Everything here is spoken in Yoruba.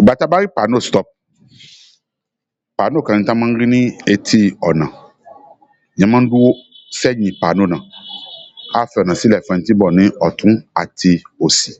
Ìgbà tá stop, pàánò kan ni tán mọ́ ń rí ní etí ọ̀nà. Èèyàn mọ́ ń dúró sẹ́yìn pàánò náà. Á fi ọ̀nà sílẹ̀ fún ẹni tí ń bọ̀ ní ọ̀tún àti òsì.